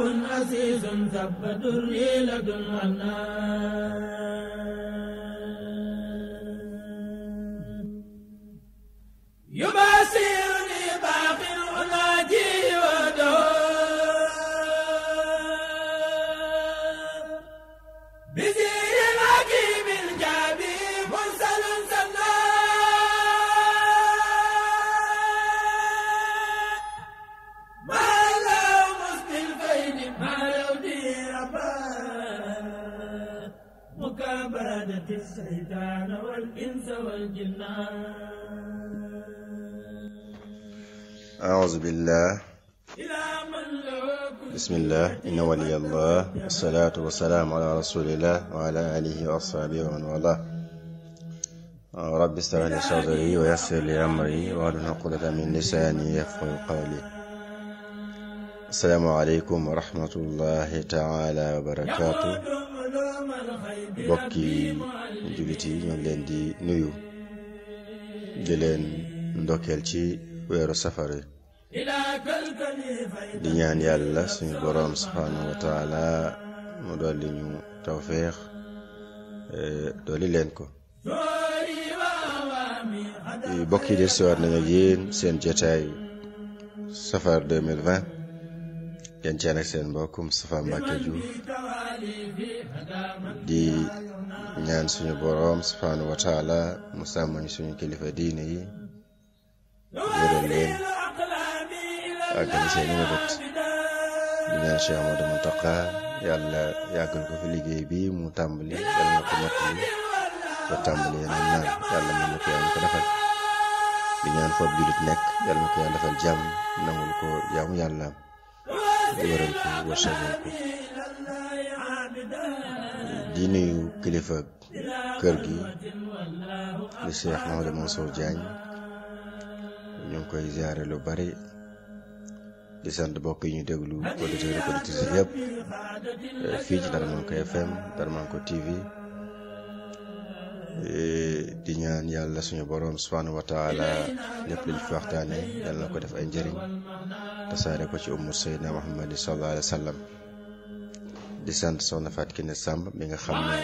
يكن عزيز ذب دري لدن منان يباسر الشيطان والإنس والجنان أعوذ بالله بسم الله إن ولي الله والصلاة والسلام على رسول الله وعلى آله وأصحابه ومن والاه آه، رب استرح لي صدري ويسر لي أمري وأرنا قلة من لساني يفقه قولي السلام عليكم ورحمة الله تعالى وبركاته mbokki jullit yi ñoo ngi leen di nuyu jëleen leen ndokkeel ci weeru safar di ñaan yàlla suñu boroom subhaanahu wa taala mu dolli ñu tawféex eh, dolli leen ko mbokk yi del siwaat nañu yéen seen jotaay safar 2020 yéen ceen ak seen mbokkum Moustapha Mbacke di ñaan suñu boroom subhaanahu wa taala mu sàmmañ suñu kilifa diine yi wéral leen àggali seeni mébét di ñaan Cheikh Amadou Mountakha yàlla yàggal ko fi liggéey bi mu tàmbali yàlla na ko mottali ba tàmbali yeneen naan yàlla ko yàlla ko defal na ko yàlla defal jàmm nangul ko jaamu yàlla di wéral ko di nuyu kilifa kër gi di Cheikh Mamadou Mansour Diagne ñu ngi koy ziare lu bari di sant mbokk yi ñu déglu auditeurs et auditrices yëpp euh, fii ci Darmanko FM Darmanko TV euh, di ñaan yàlla suñu borom subhanahu wa lépp luñ fi waxtaane yàlla ko def ay njëriñ tasaare ko ci ummu Seydina Muhammad sallallahu alayhi wa di sant soxna Fatou Kiné Samb mi nga xam ne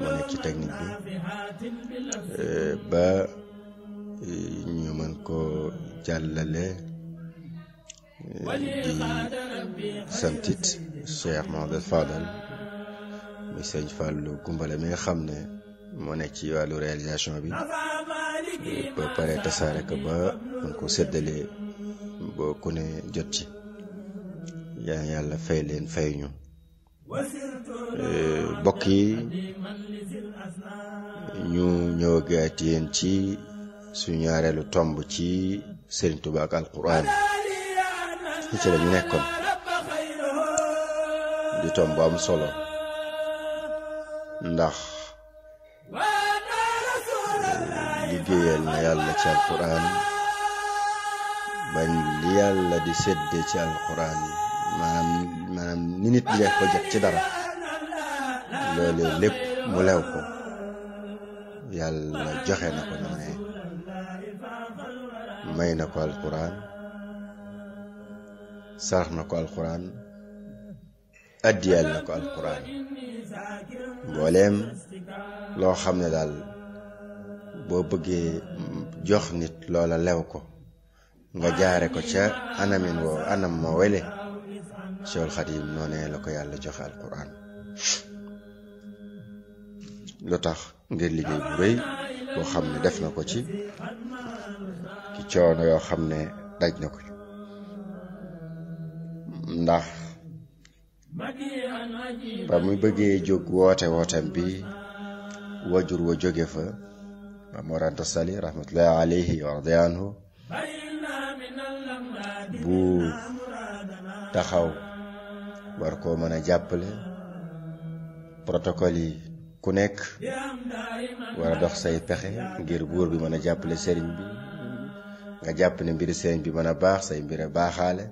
moo nekk ci technique bi euh, ba euh, ñu mën ko jàllale euh, di santit Cheikh Mohamed Fadal muy sëñ Fallou Gumbale mi nga xam ne moo nekk ci wàllu réalisation bi ba pare tasaare ko ba mën ko séddale boo ku ne jot ci yaa yàlla fay leen fay ñu Eh, mbokk yi ñu ñëw gaat yéen ci su ñaareelu tomb ci Sëriñ Tuubaa ak alquran ci la ñu nekkoon di tomb am solo ndax eh, liggéeyal na yàlla ci alquran bañ li yàlla di sédde ci alquran maanaam maanaam ni nit di def ba jot ci dara loolu lépp mu lew ko yàlla joxe na ko noonu may na ko alquran sarax na ko alquran addiyal na ko alquran mbooleem loo xam ne daal boo bëggee jox nit loola lew ko nga jaare ko ca anamin woo anam ma wele Cheikhul Khadim noonee la ko yàlla joxe alquran lu tax ngir liggéey bu rëy boo xam ne def na ko ci ci coono yoo xam ne daj na ko ndax ba muy bëggee jóg woote wootam bi wajur wa jóge fa ba moranta sali rahmatullahi alayhi wa radiya anhu bu taxaw war koo mën a jàppale protocole yi ku nekk war a dox say pexe ngir buur bi mën a jàppale sëriñ bi nga jàpp ne mbiri sëriñ bi mën a baax say mbir baaxaale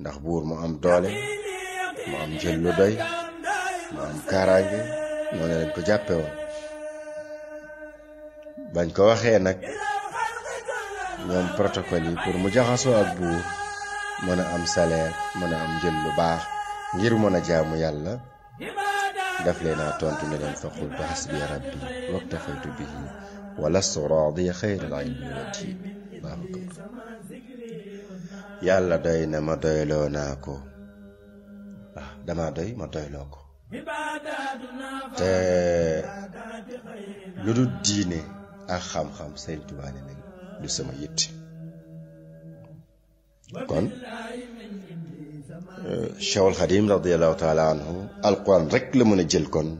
ndax buur mu am doole mu am njël lu doy mu am kaaraange noonu lañ ko jàppe bañ ko waxee nag ñoom protocole yi pour mu jaxasoo ak buur mën a am salaire mën a am njël lu baax ngir mëna jaamu yàlla daf leena tontu ne len fa xul ba xasbi rabbi waktafaytu bihi wala suraadiya xayral ilmi watiin allahu akbar yàlla doy na ma doyloo naa ko ah dama doy ma doyloo ko te lu dul diine ak xam-xam Sëriñ Tuubaa ne du sama yitt kon شاول خديم رضي الله تعالى عنه القران رك لمن جلكون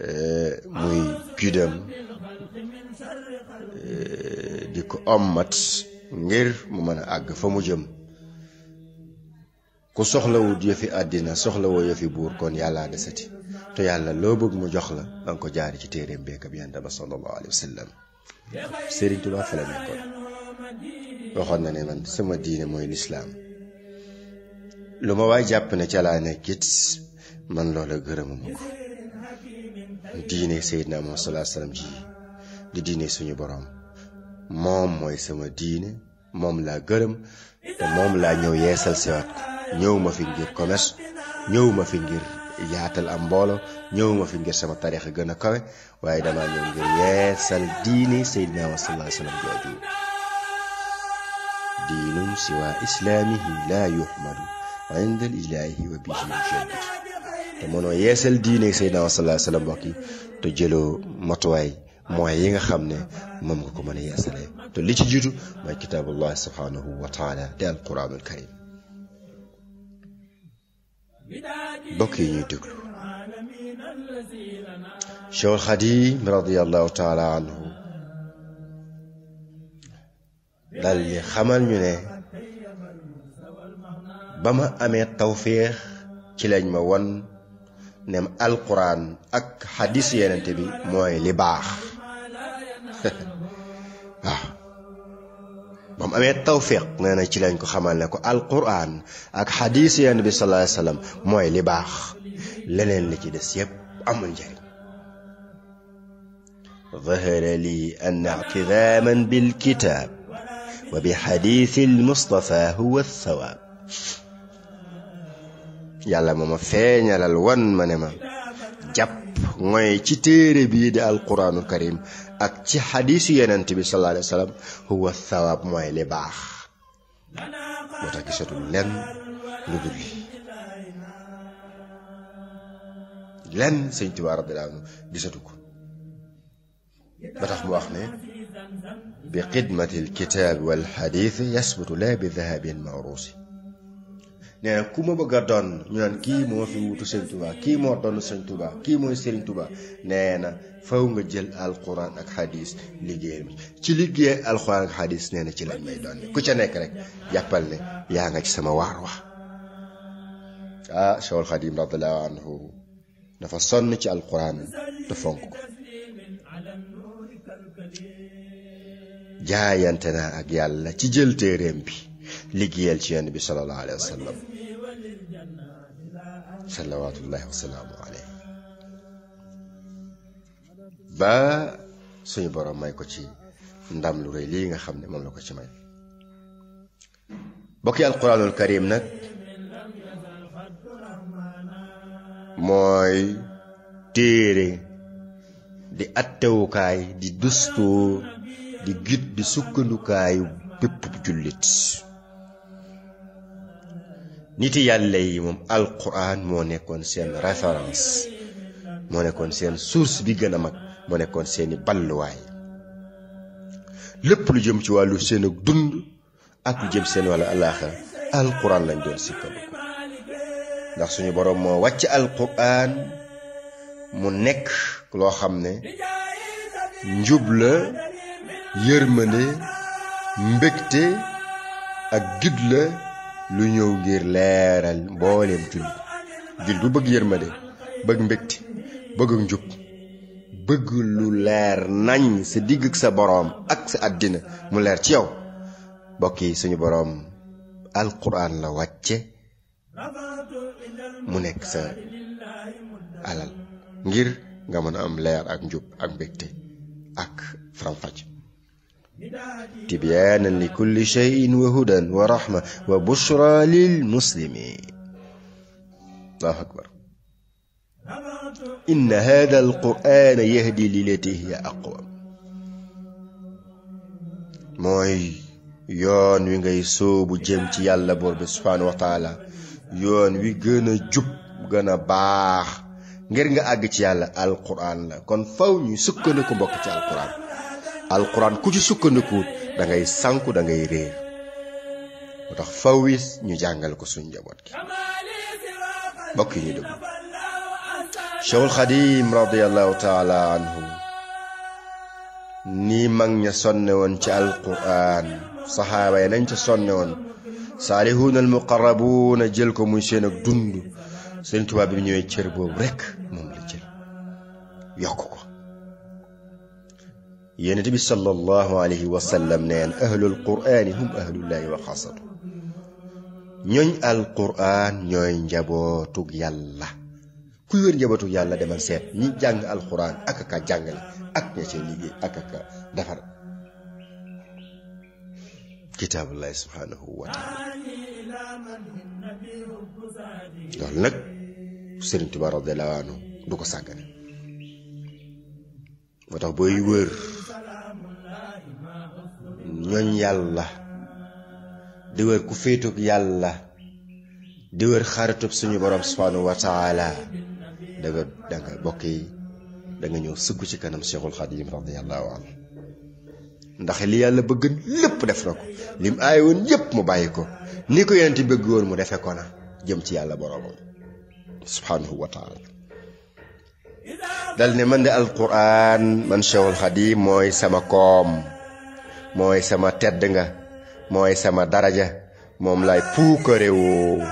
آه، موي كيدم آه، ديكو امات غير ممن اغ فمو جم كو سخلاو دي في ادنا سخلاو يا في بور كون يالا دستي تو يالا لو بوك مو جخلا دانكو جاري سي تيريم بك بيان دابا صلى الله عليه وسلم سيرين توبا فلا نكون waxon na ne man sama diine mooy lislaam lu ma waay jàpp ne ca laa nekk it man loola gërëmuma ko diine Seydina Muhammad sallallahu ji di diine suñu boroom moom mooy sama diine moom laa gërëm te moom laa ñëw yeesal siwaat ñëw ma fi ngir commerce ñëw ma fi ngir yaatal am mbooloo ñëw ma fi ngir sama tarix a gën a kawe waaye damaa ñëw ngir yeesal diine Seydina Muhammad sallallahu alayhi wasallam jooju diinum siwaa islaamihi laa yuhmadu عند الإلهي وبه te mënoo yeesal diine Seydina wa sallallahu alayhi wa sallam mbokk yi te jëloo matuwaay mooy yi nga xam ne moom nga ko mën a yeesalee te li ci jiitu mooy kitaabullah subhanahu wa taala di alquranul karim mbokk yi ñuy déglu Cheikhul Xadim radiallahu taala anhu dal li xamal ñu ne bama amé tawfiq ci lañ ma won nem alquran ak hadith yenente bi moy li bax bam amé tawfiq amee ci lañ ko xamal ne ko alquran ak hadith yenen bi sallallahu alayhi wasallam moy li bax leneen li ci dess yeb amul njariñ ظهر لي أن اعتذاما بالكتاب وبحديث المصطفى هو الثواب yàlla mama ma feeñalal wan manema jàpp moy ci téré bi di alquraanul karim ak ci hadith yenent bi sallallahu alayhi wasallam huwa thawab moy li bax moo tax gisatul lenn lu dul lenn sëñ Tuubaa rabbil aalamiin gisatu ko ba tax mu wax ne bi xidmati alkitaabi wal xadiisi yasbutu laa bi dahabin mawruusi nee ku ma bëgg a doon ñu naan kii moo fi wutu sëñ Touba kii moo doon sëñ Touba kii mooy Serigne Touba nee na faw nga jël alxuraan ak xadis liggéey ci liggéey alquran ak xadis nee ci lañ may doon ku ca nekk rek jàppal ne yaa nga ci sama waar wax ah Cheikhul Xadim radiyallahu dafa sonn ci alquran te fonk ko jaayante naa ak yàlla ci jël téeréem bi liggéeyal ci yenn bi sallallahu alayhi wa sallam salaamu alayhi ba suñu boroom may ko ci ndam lu rëy lii nga xam ne moom la ko ci may bokki alquranul karim nag mooy téere di attewukaay di dustuur di git di sukkandukaayu bépp jullit niti yàlla yi moom alquran moo nekkoon seen référence moo nekkoon seen source bi gën a mag moo nekkoon seeni balluwaay lépp lu jëm ci wàllu seen ak dund ak lu jëm seen wàllu alaaxira alquran lañ doon sikkandiku ndax suñu boroom moo wàcc alquran mu nekk loo xam ne njub la yërmande mbégte ak gid la lu ñëw ngir leeral mbooleem julli julli bu bëgg yërmande bëgg mbégte bëgg njub bëgg lu leer nañ sa digg sa boroom ak sa àddina mu leer ci yow mbokk yi suñu boroom alxuraan la wàcce mu nekk sa alal ngir nga mën a am leer ak njub ak mbégte ak faramfàcc tibyaanan li kulli shay'in wa hudan wa rahma wa bushra lil muslimin allahu akbar inna hada alqur'ana yahdi lilati mooy yoon wi ngay sóobu jëm ci yàlla boor bi subhaanahu wa taala yoon wi gën a jub gën a baax ngir nga àgg ci yàlla alquran la kon faw ñu ko mbokk ci alquran alxuraan ku ci sukkandiku dangay ngay dangay da ngay réer moo tax fawwis ñu jàngal ko suñ njaboot gi mbokk yi ñu déglu Cheikhul Xadim radiallahu taala anhu nii mag ña sonne woon ci alquran saxaaba yi nañ ca sonne woon saalihuun al muqarrabuuna jël ko muy seen ak dund seen tubaab bi ñëwee cër boobu rekk moom la jël yokk ko yonent bi sallallahu alayhi wa sallam neen ahlul quraani hum ahlullahi wa xaasatu ñooñ alquraan ñooy njabootug yàlla kuy wër njabootug yàlla demal seet ñi jàng alquraan ak ka jàngale ak ña cee liggéey ak ka defar kitaabullahi subhaanahu wa tax booy wër ñooñ yàlla di wër ku féetub yàlla di wër suñu borom subhanahu wa taala da nga da yi da nga ñëw sukk ci kanam cheikhul xadim radiallahu anhu ndax li yàlla bëgg lépp def na ko lim aay woon yépp mu bàyyi ko ni ko yonent bëgg woon mu defe ko na jëm ci yàlla boroomam subhanahu wa dal ne man de alquran man cheikhul xadim mooy sama koom mooy sama tedd nga mooy sama daraja moom lay puukare woo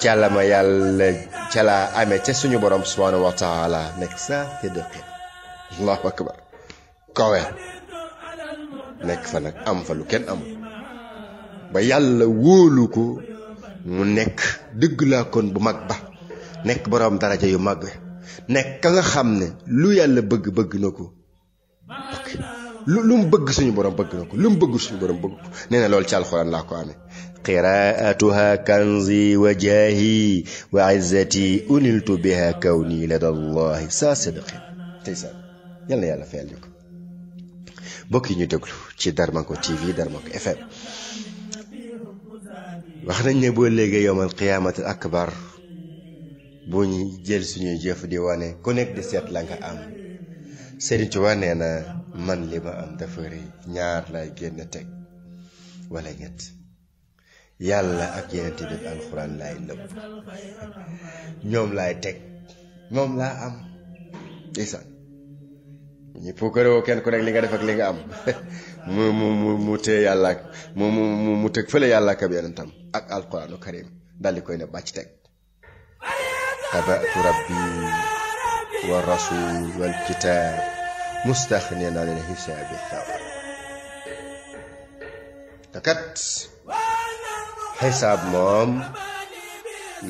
ca la ma yàlla ca laa ame ca suñu borom subhanahu wa nekk saa te dëqe allahu akbar kowel nekk fa nag am fa lu kenn amul ba yàlla wóolu ko mu nekk dëgg laa kon bu mag ba nekk boroom daraja yu mag bi nekk ka nga xam ne lu yàlla bëgg bëgg na ko lu mu bëgg suñu borom bëgg na ko lu mu bëgg suñu borom bëgg ko nee na loolu ci alxuraan laa ko amee qiraatuha kanzi wa jaahi wa izzati uniltu biha kawni ladallahi saa sadaqin tey sa yàlla yàlla fayal ñu ko mbokk yi ñu déglu ci Darmanko TV Darmanko FM wax nañ ne boo léegi yowmal qiyaamatul akbar bu ñu jël suñuy jëf di wane ku nekk di seet la nga am Serigne Touba nee na man li ma am dafa rëy ñaar lay génn teg walla ñett yàlla ak yeneen bi alxuraan laay nëbb ñoom laay teg moom laa am ndeysaan ñu puukarewoo kenn ku rek li nga def ak li nga am mu mu mu mu tee yàlla ak mu mu mu mu teg fële yàlla ak yonentam ak alxuraanu karim daal di koy ne bàcc teg. tabaatu rabbi والرسول والكتاب مستغنيا عن الحساب الثور takat xisaab moom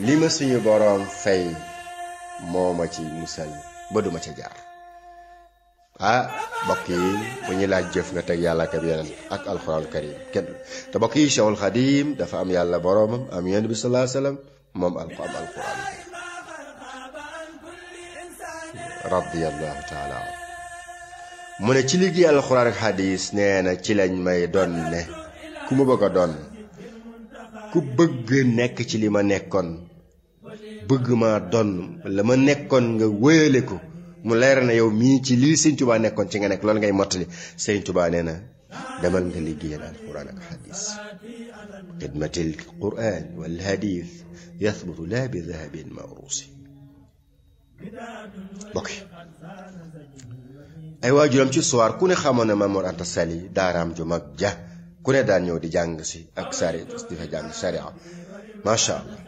li ma suñu boroom fay moo ma ci musal ba duma ca jaar ah mbokk yi bu ñu laaj jëf nga teg yàlla ak ab yeneen ak alxuraan karim te mbokk yi Cheikhul Xadim dafa am yàlla boroomam am yonent bi sallallahu alayhi wasallam moom alxuraan alxuraan radiyallahu ta'ala mu ne ci liggéey alxuraan ak xadis nee na ci lañ may doon ne ku ma bëgg a doon ku bëgg nekk ci li ma nekkoon bëgg maa doon la ma nekkoon nga wéyale ko mu leer na yow mii ci lii sëñ tubaa nekkoon ci nga nekk loolu ngay mottali sëñ tubaa nee na demal nga liggéeyal alquran ak xadis xidmatil quran wal hadith yathbutu laa bi dahabin mawrusi bokk ay waajuram ci soir ku ne xamoon na Mamour Anta Sali daaraam ju mag ja ku ne daan ñëw di jàng si ak sari di fa jàng sharia macha allah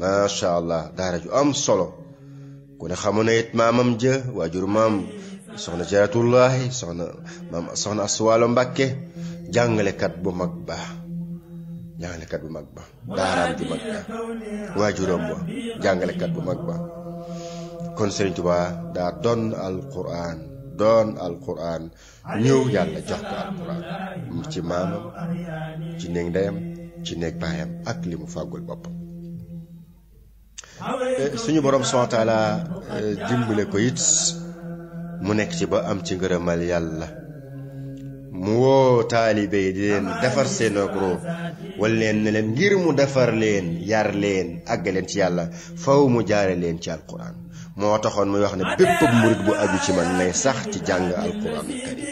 macha allah daara ju am solo ku ne xamoon na it maamam ja waajur maam soxna jaratullahi soxna maam soxna aswaalo mbàkke jàngalekat bu mag baax jàngalekat bu mag ba daaraam ju mag ba waajuram ba jàngalekat bu mag ba kon Sëriñ Tuubaa daa doon alquran doon alquran ñëw yàlla jox ko alquran ci maamam ci néeg ndeyam ci néeg baayam ak li mu fàggul boppam eh, suñu borom subhaanahu eh, dimbale ko it mu nekk ci ba am ci ngërëmal yàlla mu woo taalibe yi di leen defar seen ak ruux wala leen leen ngir mu defar leen yar leen àgg leen ci yàlla faw mu jaare leen ci alquran moo taxoon muy wax ne bépp murid bu aju ci man nay sax ci jàng alquran karim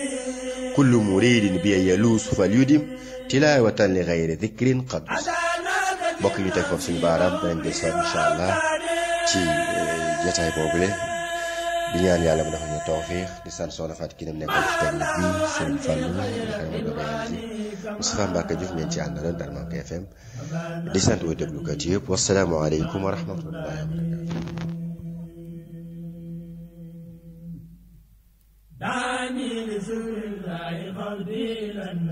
kullu muridin bi yaluus fal yudim tilaawatan li gayri dikrin qadus mbokk ñu teg foofu suñu baaraam danañ jël sax incha allah ci eh, jotaay boobule di ñaan yàlla mu defal ñu tawfiix di sant soxna Faat ki dem nekkoon ci technique bi Serigne Fallou di xëy ma ko réalisé Moustapha Mbacke Diouf ngeen ci àndaloon Daal Manqué FM di sant way déglukat yëpp wasalaamaaleykum wa rahmatullahi wa barakatuh دعني لسر الله قلبي لن